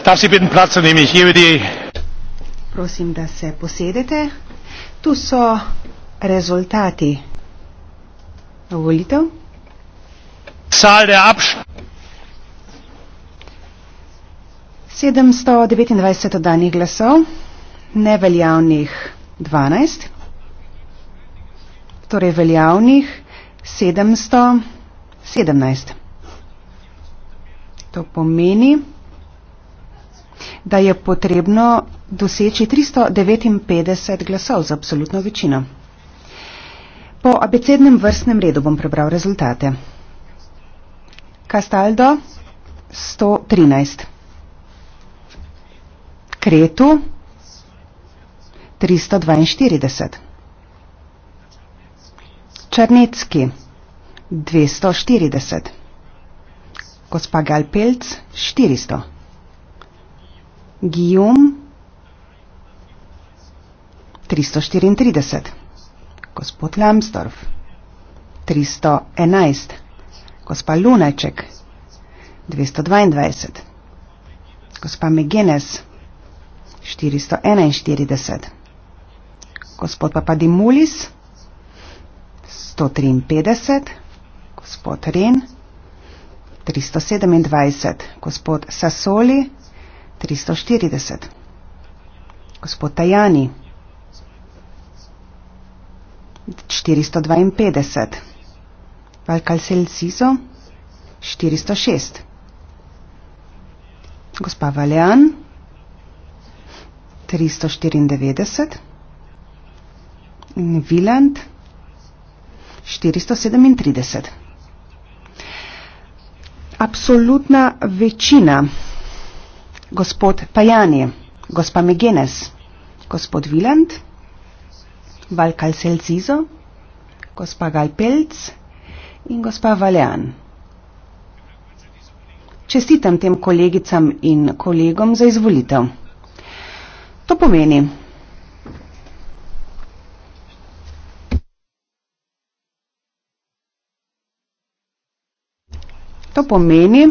Starši, pridem plac, ne mi je vidi. Prosim, da se posedete. Tu so rezultati volitev. Sal de abš. 729 danih glasov, neveljavnih 12, torej veljavnih 717. To pomeni, da je potrebno doseči 359 glasov za absolutno večino. Po abecednem vrstnem redu bom prebral rezultate. Castaldo 113. Kretu 342. Črnecki 240. Gospa Galpelc 400. Gijom 334, gospod Lamstorf 311, gospa Lunajček 222, gospa Megenes 441, gospod Papadimulis 153, gospod Ren 327, gospod Sasoli 343. 340. Gospod Tajani 452. Valkalsel Sizo 406. Gospa Valean 394. In Viland 437. Absolutna večina gospod Pajani, gospa Megenes, gospod Viland, Valkal Selcizo, gospa Galpelc in gospa Valean. Čestitam tem kolegicam in kolegom za izvolitev. To pomeni, to pomeni,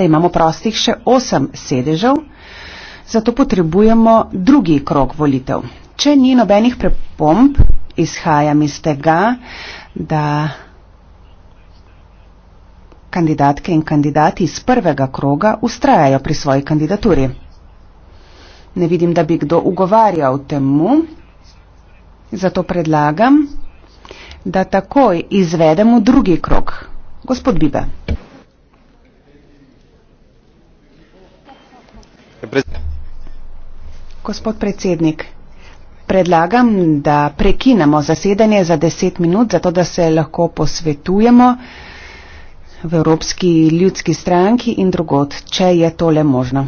da imamo prostih še 8 sedežev, zato potrebujemo drugi krok volitev. Če ni nobenih prepomp, izhajam iz tega, da kandidatke in kandidati iz prvega kroga ustrajajo pri svoji kandidaturi. Ne vidim, da bi kdo ugovarjal temu, zato predlagam, da takoj izvedemo drugi krok. Gospod Bibe. Gospod predsednik, predlagam, da prekinemo zasedanje za deset minut, zato da se lahko posvetujemo v Evropski ljudski stranki in drugot, če je tole možno.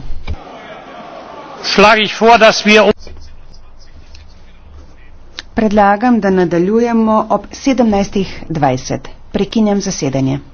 Predlagam, da nadaljujemo ob 17.20. Prekinjam zasedanje.